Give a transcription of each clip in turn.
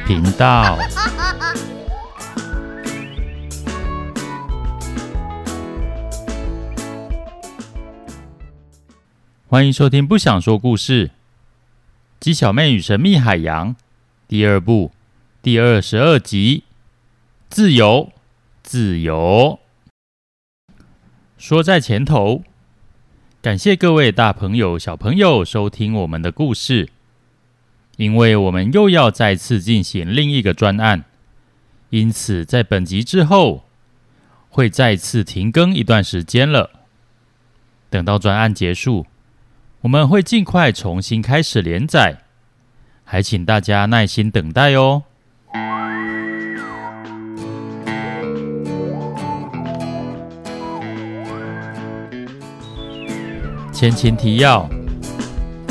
頻道， 歡迎收聽《不想說故事》雞小妹與神秘海洋第二部第二十二集，自由，自由。說在前頭，感謝各位大朋友、小朋友收聽我們的故事。因為我們又要再次進行另一個專案，因此在本集之後會再次停更一段時間了。等到專案結束，我們會盡快重新開始連載，還請大家耐心等待哦。前情提要：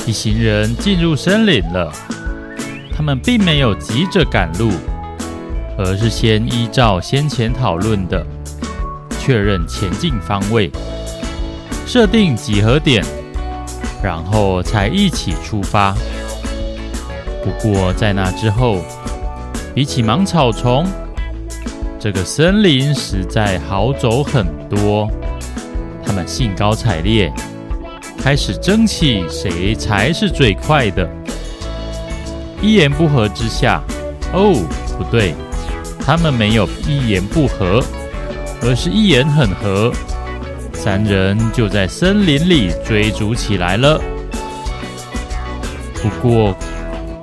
一行人進入森林了。他們並沒有急着趕路，而是先依照先前討論的，確認前進方位，設定集合點，然後才一起出發。不過在那之後，比起芒草叢，這個森林實在好走很多。他們興高采烈，開始爭起，誰才是最快的？一言不合之下，哦，不對，他們沒有一言不合，而是一言很合。三人就在森林裡追逐起來了。不過，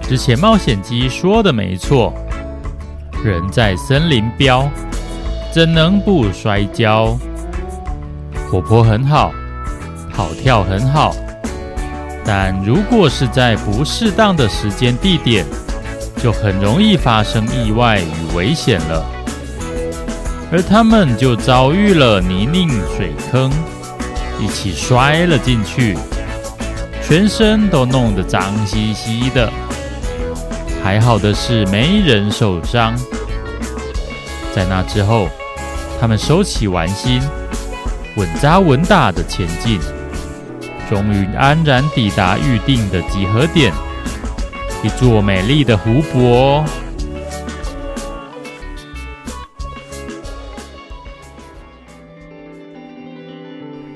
之前冒險雞說的沒錯，人在森林飆，怎能不摔跤？活潑很好，跑跳很好。但如果是在不適當的時間地點，就很容易發生意外與危險了。而他們就遭遇了泥濘水坑，一起摔了進去，全身都弄得髒兮兮的。還好的是沒人受傷。在那之後，他們收起玩心，穩紮穩打的前進。終於安然抵達預定的集合點，一座美麗的湖泊。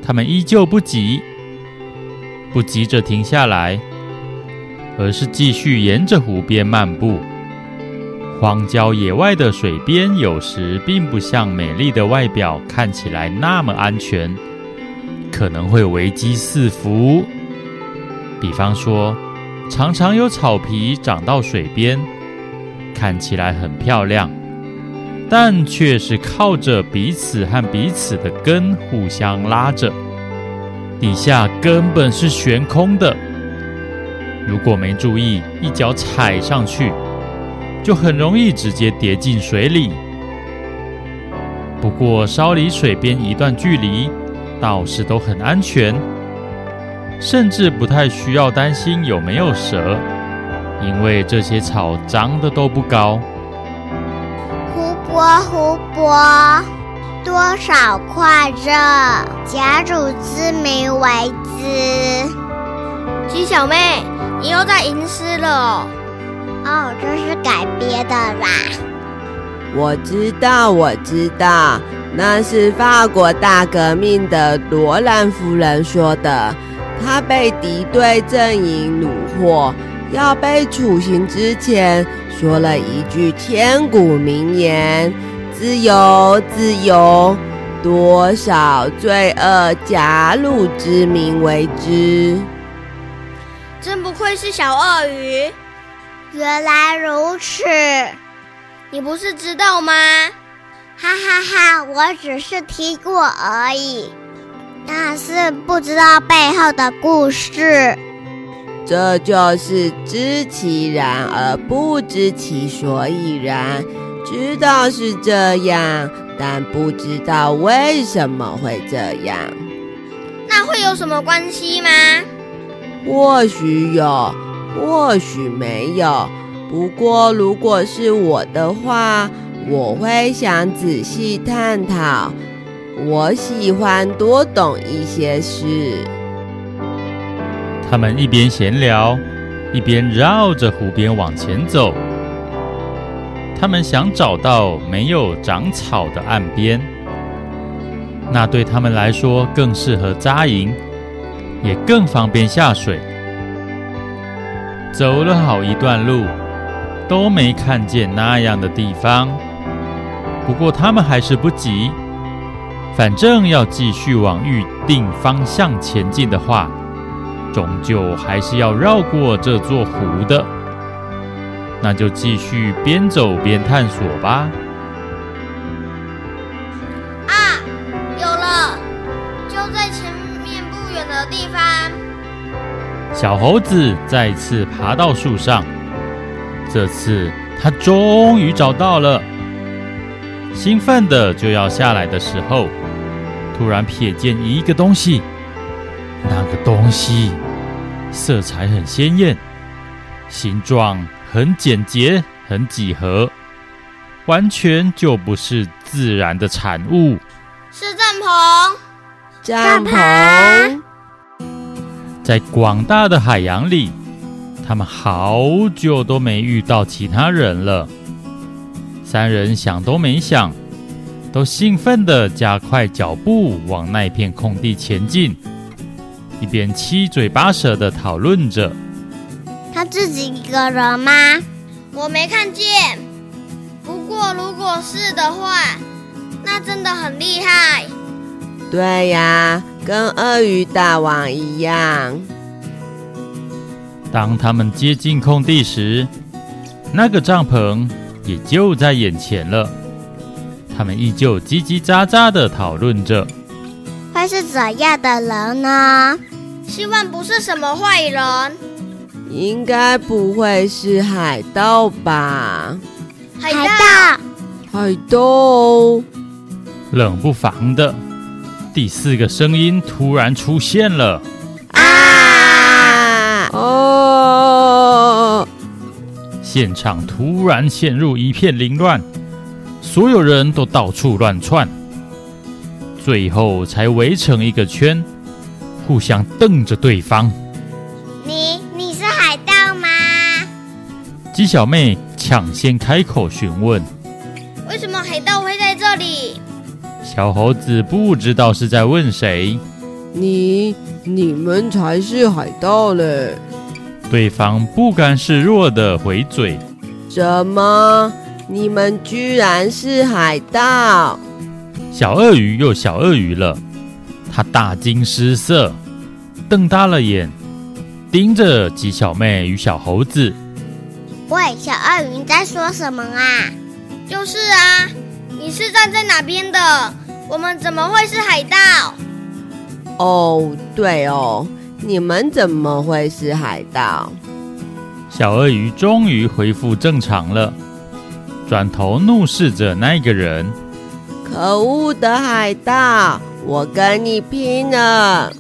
他們依舊不急，不急着停下來，而是繼續沿着湖邊漫步。荒郊野外的水邊，有時並不像美麗的外表看起來那麼安全。可能會危機四伏，比方說，常常有草皮長到水邊，看起來很漂亮，但卻是靠着彼此和彼此的根互相拉着，底下根本是懸空的。如果沒注意，一腳踩上去，就很容易直接跌進水裡。不過，稍離水邊一段距離。倒是都很安全，甚至不太需要擔心有沒有蛇，因為這些草長得都不高。湖泊，湖泊，多少快樂，假汝之名為之。雞小妹，你又在吟詩了？哦，這是改編的啦。我知道，我知道。那是法國大革命的羅蘭夫人說的，她被敵對陣營虜獲，要被處刑之前，說了一句千古名言：“自由，自由，多少罪惡假汝之名為之。”真不愧是小鱷魚，原來如此，你不是知道嗎？哈哈哈，我只是聽過而已，但是不知道背後的故事。這就是知其然而不知其所以然，知道是這樣，但不知道為什麼會這樣。那會有什麼關係嗎？或許有，或許沒有。不過如果是我的話。我會想仔細探討，我喜歡多懂一些事。他們一邊閒聊，一邊繞着湖邊往前走。他們想找到沒有長草的岸邊，那對他們來說更適合紮營，也更方便下水。走了好一段路，都沒看見那樣的地方。不過他們還是不急，反正要繼續往預定方向前進的話，終究還是要繞過這座湖的。那就繼續邊走邊探索吧。啊，有了！就在前面不遠的地方。小猴子再次爬到樹上，這次他終於找到了。興奮的就要下來的時候，突然瞥見一個東西。那個東西色彩很鮮豔，形狀很簡潔，很幾何，完全就不是自然的產物。是帳篷，帳篷。在廣大的海洋裡，他們好久都沒遇到其他人了。三人想都沒想，都興奮的加快腳步往那片空地前進，一邊七嘴八舌的討論着：“他自己一個人嗎？我沒看見。不過如果是的話，那真的很厲害。”“對呀，跟鱷魚大王一樣。”當他們接近空地時，那個帳篷。也就在眼前了，他們依舊嘰嘰喳喳的討論着，會是怎樣的人呢？希望不是什麼壞人，應該不會是海盜吧？海盜，海盜！海盜！冷不防的，第四個聲音突然出現了。現場突然陷入一片凌亂，所有人都到處亂竄，最後才圍成一個圈，互相瞪着對方。你，你是海盜嗎？雞小妹搶先開口詢問。為什麼海盜會在這裡？小猴子不知道是在問誰。你，你們才是海盜嘞！對方不甘示弱地回嘴：“什麼？你們居然是海盜？”小鱷魚又小鱷魚了，他大驚失色，瞪大了眼，盯着雞小妹與小猴子。“喂，小鱷魚，你在說什麼啊？”“就是啊，你是站在哪邊的？我們怎麼會是海盜？”“哦，對哦。”你們怎麼會是海盜？小鱷魚終於恢復正常了，轉頭怒視着那個人。可惡的海盜，我跟你拼了！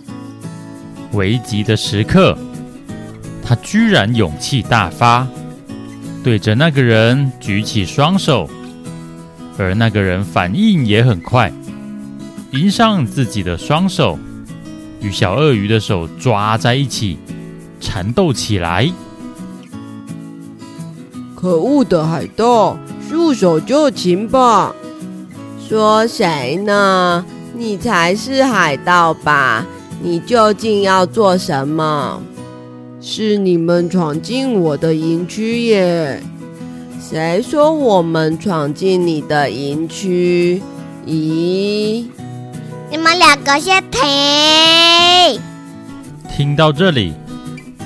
危急的時刻，他居然勇氣大發，對着那個人舉起雙手，而那個人反應也很快，迎上自己的雙手。與小鱷魚的手抓在一起，纏鬥起來。可惡的海盜，束手就擒吧！說誰呢？你才是海盜吧？你究竟要做什麼？是你們闖進我的營區耶？誰說我們闖進你的營區？咦？你們兩個先停。聽到這裡，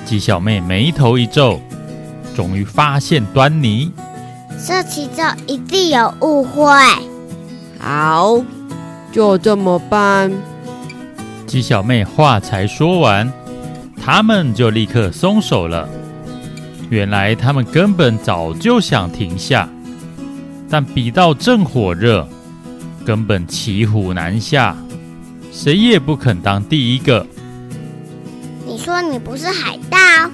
雞小妹眉頭一皺，終於發現端倪，這其中一定有誤會。好，就這麼辦。雞小妹話才說完，他們就立刻鬆手了。原來他們根本早就想停下，但比到正火熱，根本騎虎難下。誰也不肯當第一個。你說你不是海盜？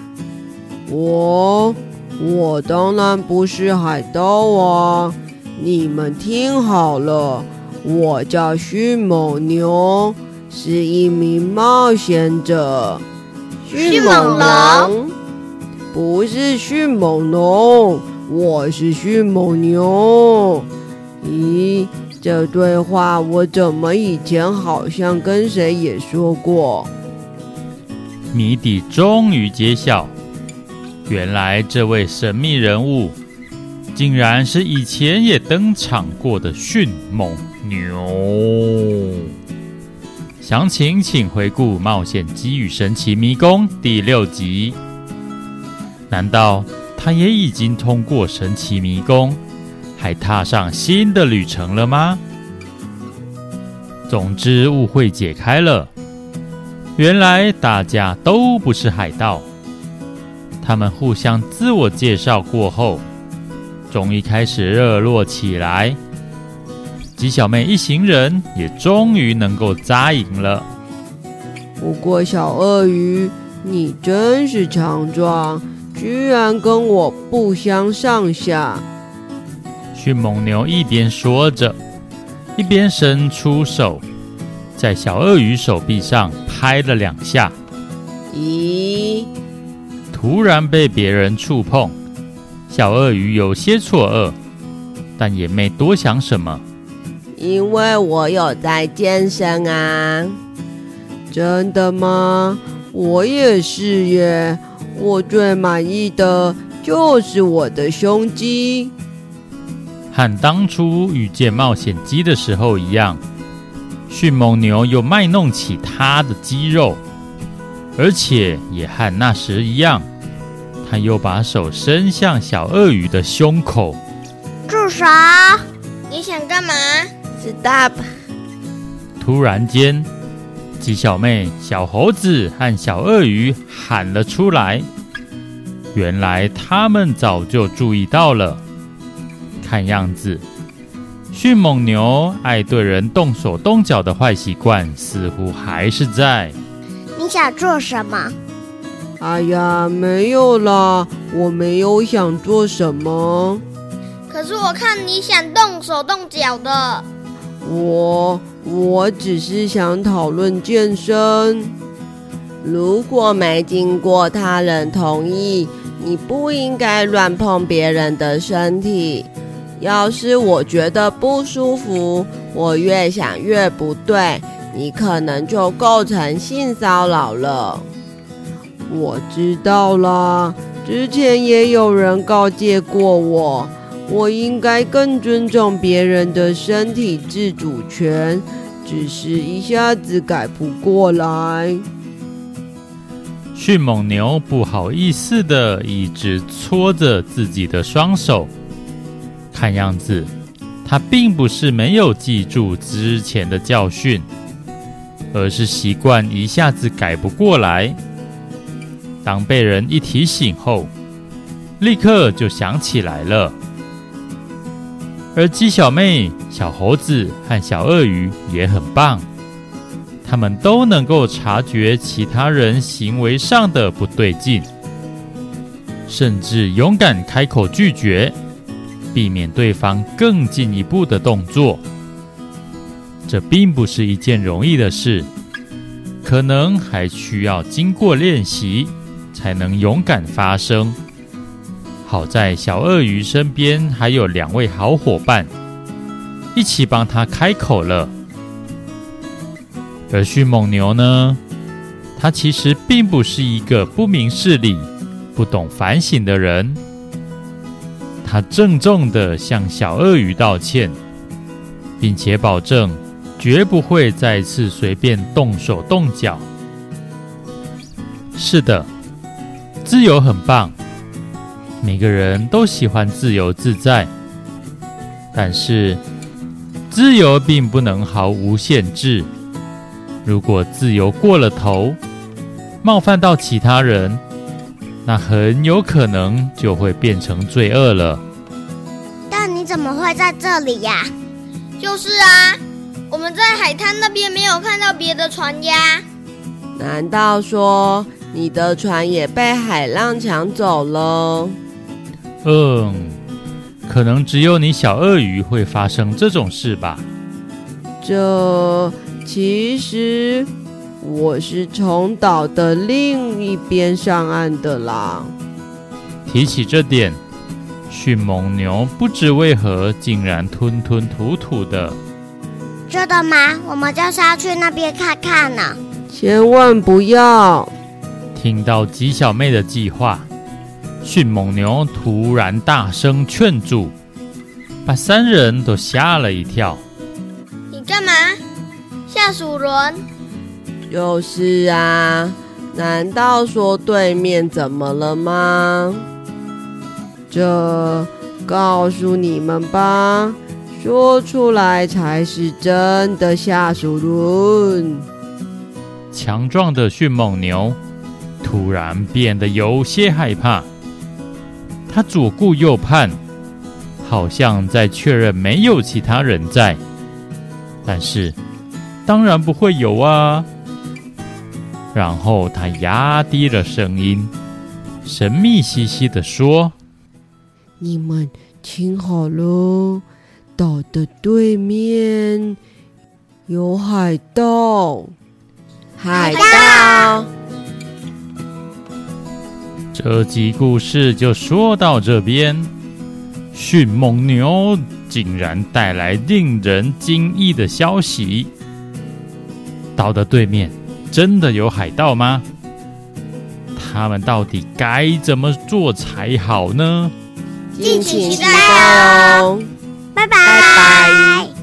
我，我當然不是海盜啊！你們聽好了，我叫迅猛牛，是一名冒險者。迅猛龍？不是迅猛龍，我是迅猛牛。咦？這對話我怎麼以前好像跟誰也說過？謎底終於揭曉，原來這位神秘人物，竟然是以前也登場過的迅猛牛。詳情請回顧《冒險雞與神奇迷宮》第六集。難道他也已經通過神奇迷宮？還踏上新的旅程了嗎？總之，誤會解開了。原來大家都不是海盜。他們互相自我介紹過後，終於開始熱絡起來。雞小妹一行人也終於能夠扎營了。不過，小鱷魚，你真是強壯，居然跟我不相上下。去蒙牛一邊說着，一邊伸出手，在小鱷魚手臂上拍了兩下。咦？突然被別人觸碰，小鱷魚有些錯愕，但也沒多想什麼。因為我有在健身啊！真的嗎？我也是耶！我最滿意的就是我的胸肌。和當初遇見冒險雞的時候一樣，迅猛牛又賣弄起他的肌肉，而且也和那時一樣，他又把手伸向小鱷魚的胸口。住手！你想幹嘛？Stop！突然間，雞小妹、小猴子和小鱷魚喊了出來。原來他們早就注意到了。看樣子，迅猛牛愛對人動手動腳的壞習慣似乎還是在。你想做什麼？哎呀，沒有啦，我沒有想做什麼。可是我看你想動手動腳的。我我只是想討論健身。如果沒經過他人同意，你不應該亂碰別人的身體。要是我覺得不舒服，我越想越不對，你可能就構成性騷擾了。我知道啦，之前也有人告誡過我，我應該更尊重別人的身體自主權，只是一下子改不過來。迅猛牛不好意思的，一直搓着自己的雙手。看樣子，他並不是沒有記住之前的教訓，而是習慣一下子改不過來。當被人一提醒後，立刻就想起來了。而雞小妹、小猴子和小鱷魚也很棒，他們都能夠察覺其他人行為上的不對勁，甚至勇敢開口拒絕。避免對方更進一步的動作，這並不是一件容易的事，可能還需要經過練習才能勇敢發聲。好在小鱷魚身邊還有兩位好夥伴，一起幫他開口了。而迅猛牛呢，它其實並不是一個不明事理、不懂反省的人。他鄭重的向小鱷魚道歉，並且保證絕不會再次隨便動手動腳。是的，自由很棒，每個人都喜歡自由自在。但是，自由並不能毫無限制。如果自由過了頭，冒犯到其他人，那很有可能就會變成罪惡了。但你怎麼會在這裡呀？就是啊，我們在海灘那邊沒有看到別的船呀。難道說你的船也被海浪搶走了？嗯，可能只有你小鱷魚會發生這種事吧。這其實。我是從島的另一邊上岸的啦。提起這點，迅猛牛不知為何竟然吞吞吐吐的。真的嗎？我們就是要去那邊看看呢。千萬不要！聽到雞小妹的計劃，迅猛牛突然大聲勸阻，把三人都嚇了一跳。你幹嘛？嚇死人。就是啊，難道說對面怎麼了嗎？這告訴你們吧，說出來才是真的下手輪。強壯的迅猛牛突然變得有些害怕，他左顧右盼，好像在確認沒有其他人在，但是當然不會有啊。然後他壓低了聲音，神秘兮兮地說：“你們聽好了，島的對面有海盜。海盜”海盜。這集故事就說到這邊。迅猛牛竟然帶來令人驚異的消息。島的對面。真的有海盜嗎？他們到底該怎麼做才好呢？敬請期待哦。拜拜，拜。